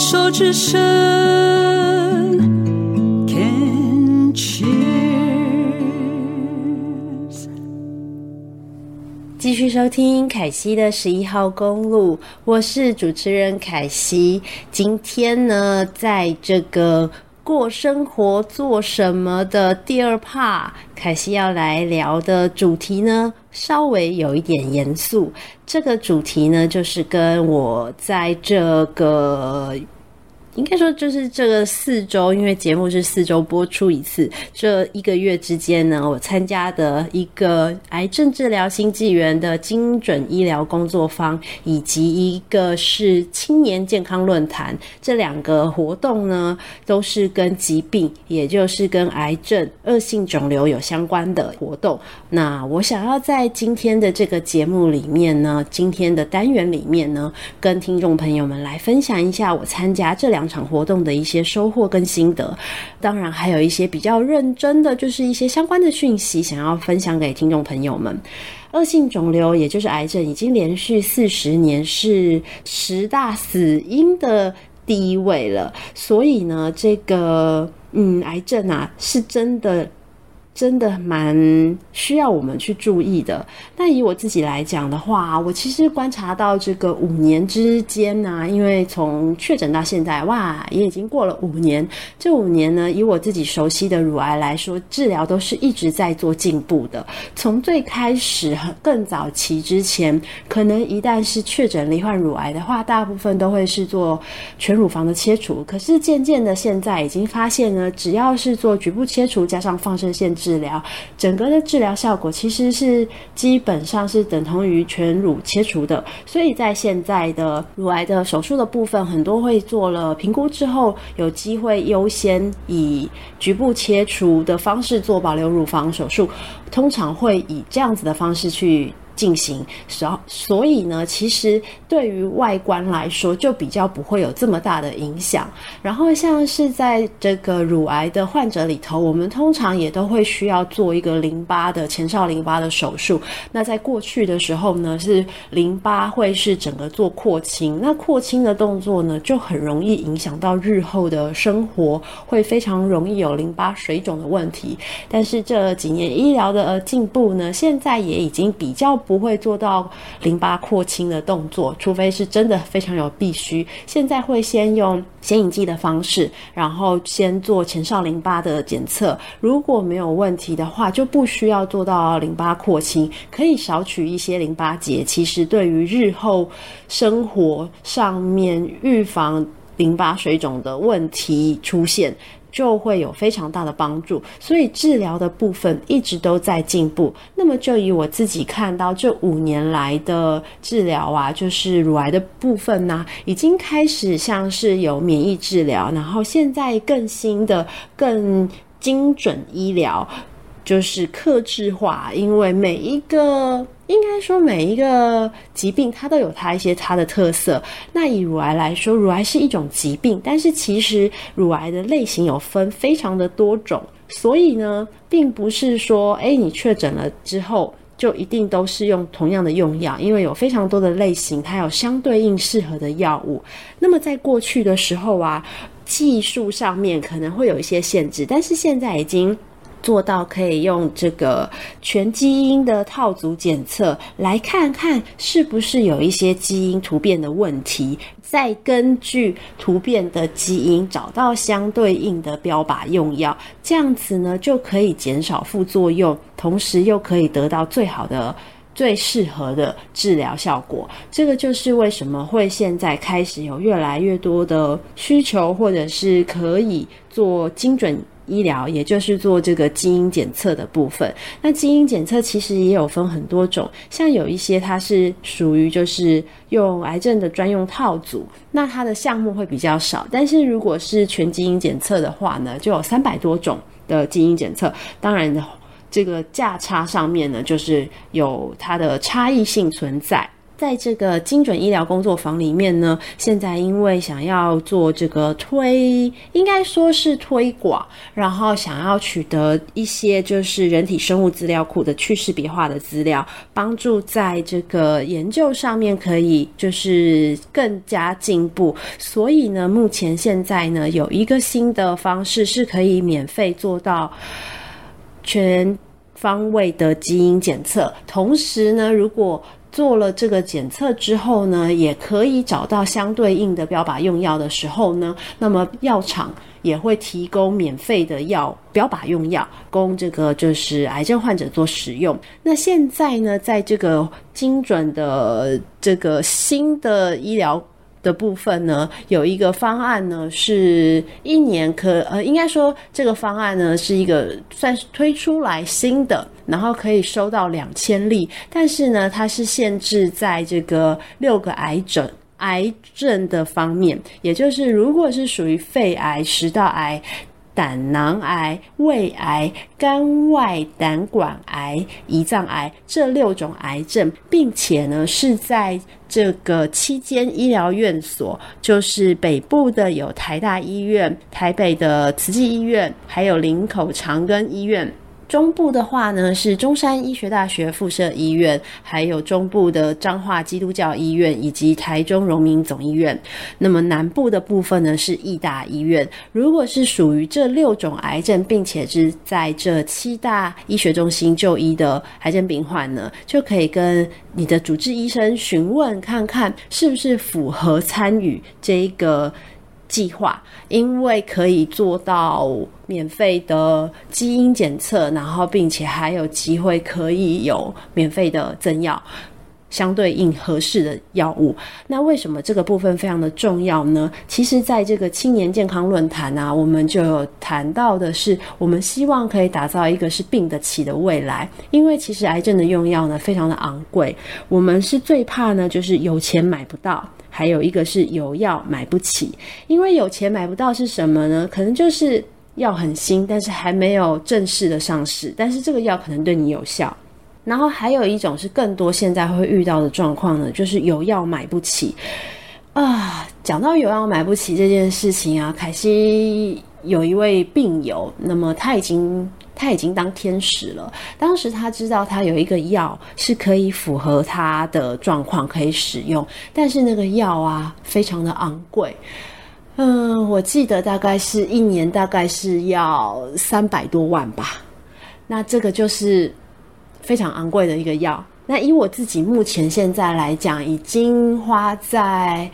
手之剩 n c h e s, so 繼續收聽凱西的十一號公路，我是主持人凱西。今天呢，在這個過生活做什麼的第二 p a 凱西要來聊的主題呢，稍微有一點嚴肅。這個主題呢，就是跟我在這個。應該說就是這個四周，因為節目是四周播出一次。這一個月之間呢，我參加的一個癌症治療新紀元的精準醫療工作坊，以及一個是青年健康論壇，這兩個活動呢，都是跟疾病，也就是跟癌症、惡性腫瘤有相關的活動。那我想要在今天的這個節目裡面呢，今天的單元裡面呢，跟聽眾朋友們來分享一下我參加這兩。場活動的一些收穫跟心得，當然還有一些比較認真的，就是一些相關的訊息，想要分享給聽眾朋友們。惡性腫瘤，也就是癌症，已經連續四十年是十大死因的第一位了。所以呢，這個嗯，癌症啊，是真的。真的蠻需要我們去注意的。但以我自己來講的話，我其實觀察到這個五年之間吶、啊,因為從確診到現在，哇，也已經過了五年。這五年呢，以我自己熟悉的乳癌來說，治療都是一直在做進步的。從最開始很更早期之前，可能一旦是確診罹患乳癌的話，大部分都會是做全乳房的切除。可是漸漸的，現在已經發現呢，只要是做局部切除加上放射線治療，治療，整個的治療效果其實是基本上是等同於全乳切除的，所以在現在的乳癌的手術的部分，很多會做了評估之後，有機會優先以局部切除的方式做保留乳房手術，通常會以這樣子的方式去進行，所所以呢，其實對於外觀來說，就比較不會有這麼大的影響。然後像是在這個乳癌的患者裡頭，我們通常也都會需要做一個淋巴的前哨淋巴的手術。那在過去的時候呢，是淋巴會是整個做擴清，那擴清的動作呢，就很容易影響到日後的生活，會非常容易有淋巴水腫的問題。但是這幾年醫療的進步呢，現在也已經比較。不會做到淋巴廓清的動作，除非是真的非常有必須。現在會先用顯影劑的方式，然後先做前哨淋巴的檢測，如果沒有問題的話，就不需要做到淋巴廓清，可以少取一些淋巴結。其實對於日後生活上面預防淋巴水腫的問題出現，就會有非常大的幫助，所以治療的部分一直都在進步。那麼，就以我自己看到這五年來的治療啊，就是乳癌的部分呢、啊，已經開始像是有免疫治療，然後現在更新的，更精準醫療。就是客製化，因為每一個應該說每一個疾病，它都有它一些它的特色。那以乳癌來說，乳癌是一種疾病，但是其實乳癌的類型有分非常的多種，所以呢，並不是說哎，你確診了之後就一定都是用同樣的用藥，因為有非常多的類型，它有相對應適合的藥物。那麼在過去的時候啊，技術上面可能會有一些限制，但是現在已經。做到可以用這個全基因的套組檢測來看看是不是有一些基因突變的問題，再根據突變的基因找到相對應的標靶用藥，這樣子呢就可以減少副作用，同時又可以得到最好的、最適合的治療效果。這個就是為什麼會現在開始有越來越多的需求，或者是可以做精準醫療也就是做這個基因檢測的部分。那基因檢測其實也有分很多種，像有一些它是屬於就是用癌症的專用套組，那它的項目會比較少。但是如果是全基因檢測的話呢，就有三百多種的基因檢測。當然，這個價差上面呢，就是有它的差異性存在。在這個精準醫療工作坊裡面呢，現在因為想要做這個推，應該說是推廣，然後想要取得一些就是人體生物資料庫的去識別化的資料，幫助在這個研究上面可以就是更加進步。所以呢，目前現在呢有一個新的方式是可以免費做到全方位的基因檢測，同時呢，如果做了這個檢測之後呢，也可以找到相對應的標靶用藥的時候呢，那麼藥廠也會提供免費的藥標靶用藥供這個就是癌症患者做使用。那現在呢，在這個精準的這個新的醫療。的部分呢，有一個方案呢是一年可呃，應該說這個方案呢是一個算是推出來新的，然後可以收到兩千例，但是呢它是限制在這個六個癌症癌症的方面，也就是如果是屬於肺癌、食道癌、膽囊癌、胃癌、肝外膽管癌、胰臟癌這六種癌症，並且呢，是在這個期間醫療院所，就是北部的有台大醫院、台北的慈濟醫院，還有林口長庚醫院。中部的話呢，是中山醫學大學附設醫院，還有中部的彰化基督教醫院以及台中榮民總醫院。那麼南部的部分呢，是義大醫院。如果是屬於這六種癌症，並且是在這七大醫學中心就醫的癌症病患呢，就可以跟你的主治醫生詢問看看，是不是符合參與這一個。計劃，因為可以做到免費的基因檢測，然後並且還有機會可以有免費的針藥。相對應合適的藥物，那為什麼這個部分非常的重要呢？其實，在這個青年健康論壇啊，我們就有談到的是，我們希望可以打造一個是病得起的未來。因為其實癌症的用藥呢，非常的昂貴。我們是最怕呢，就是有錢買不到，還有一個是有藥買不起。因為有錢買不到是什麼呢？可能就是藥很新，但是還沒有正式的上市，但是這個藥可能對你有效。然後還有一種是更多現在會遇到的狀況呢，就是有藥買不起啊、呃。講到有藥買不起這件事情啊，凱西有一位病友，那麼他已經他已經當天使了。當時他知道他有一個藥是可以符合他的狀況可以使用，但是那個藥啊非常的昂貴。嗯、呃，我記得大概是一年大概是要三百多萬吧。那這個就是。非常昂貴的一個藥。那以我自己目前現在來講，已經花在，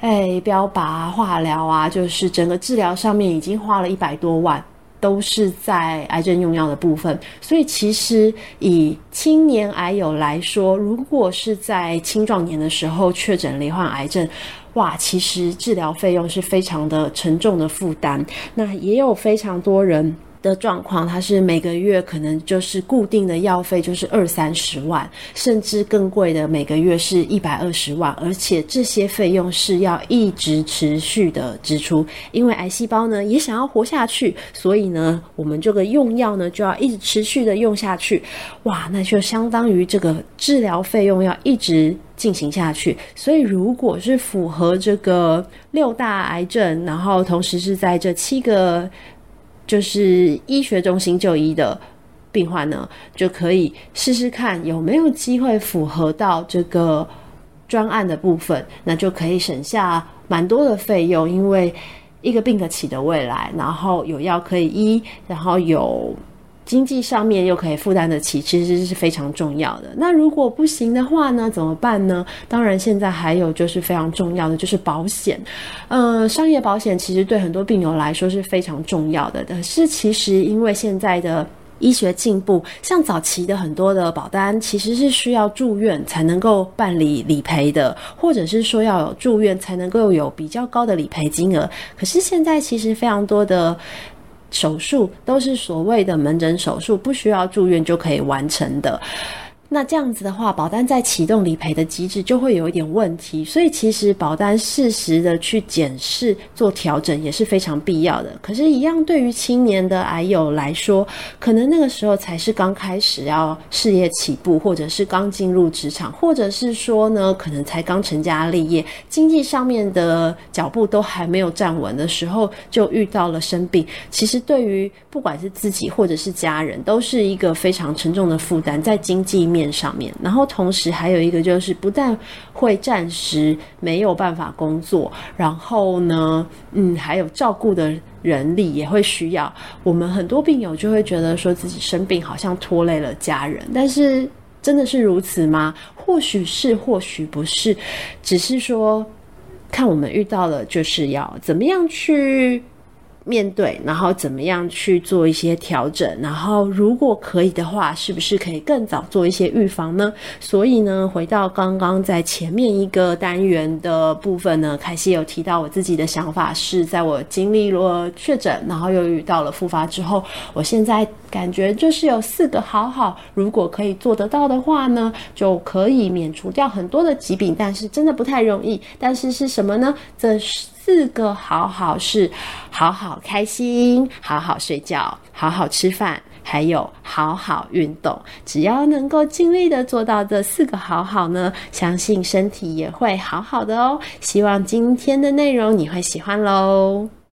哎，標靶化療啊，就是整個治療上面已經花了一百多萬，都是在癌症用藥的部分。所以其實以青年癌友來說，如果是在青壯年的時候確診罹患癌症，哇，其實治療費用是非常的沉重的負擔。那也有非常多人。的狀況，它是每個月可能就是固定的藥費，就是二三十萬，甚至更貴的，每個月是一百二十萬，而且這些費用是要一直持續的支出，因為癌細胞呢也想要活下去，所以呢，我們這個用藥呢就要一直持續的用下去。哇，那就相當於這個治療費用要一直進行下去。所以，如果是符合這個六大癌症，然後同時是在這七個。就是醫學中心就醫的病患呢，就可以試試看有沒有機會符合到這個專案的部分，那就可以省下蠻多的費用，因為一個病得起的未來，然後有藥可以醫，然後有。經濟上面又可以負擔得起，其實是非常重要的。那如果不行的話呢？怎麼辦呢？當然，現在還有就是非常重要的就是保險。嗯、呃，商業保險其實對很多病友來說是非常重要的，但是其實因為現在的醫學進步，像早期的很多的保單其實是需要住院才能夠辦理理賠的，或者是說要有住院才能夠有比較高的理賠金額。可是現在其實非常多的。手術都是所謂的門診手術，不需要住院就可以完成的。那這樣子的話，保單在啟動理賠的機制就會有一點問題，所以其實保單適時的去檢視做調整也是非常必要的。可是一樣，對於青年的癌友來說，可能那個時候才是剛開始要事業起步，或者是剛進入職場，或者是說呢，可能才剛成家立業，經濟上面的腳步都還沒有站穩的時候，就遇到了生病。其實，對於不管是自己或者是家人，都是一個非常沉重的負擔，在經濟面上面，然後同時還有一個就是，不但會暫時沒有辦法工作，然後呢，嗯，還有照顧的人力也會需要。我們很多病友就會覺得說自己生病好像拖累了家人，但是真的是如此嗎？或許是，或許不是，只是說，看我們遇到了，就是要怎麼樣去。面對，然後怎麼樣去做一些調整？然後如果可以的話，是不是可以更早做一些預防呢？所以呢，回到剛剛在前面一個單元的部分呢，凱西有提到，我自己的想法是，在我經歷了確診，然後又遇到了復發之後，我現在感覺就是有四個好好，如果可以做得到的話呢，就可以免除掉很多的疾病，但是真的不太容易。但是是什麼呢？這是。四個好好是：好好開心、好好睡覺、好好吃飯，還有好好運動。只要能夠盡力的做到這四個好好呢，相信身體也會好好的哦。希望今天的內容你會喜歡嘍。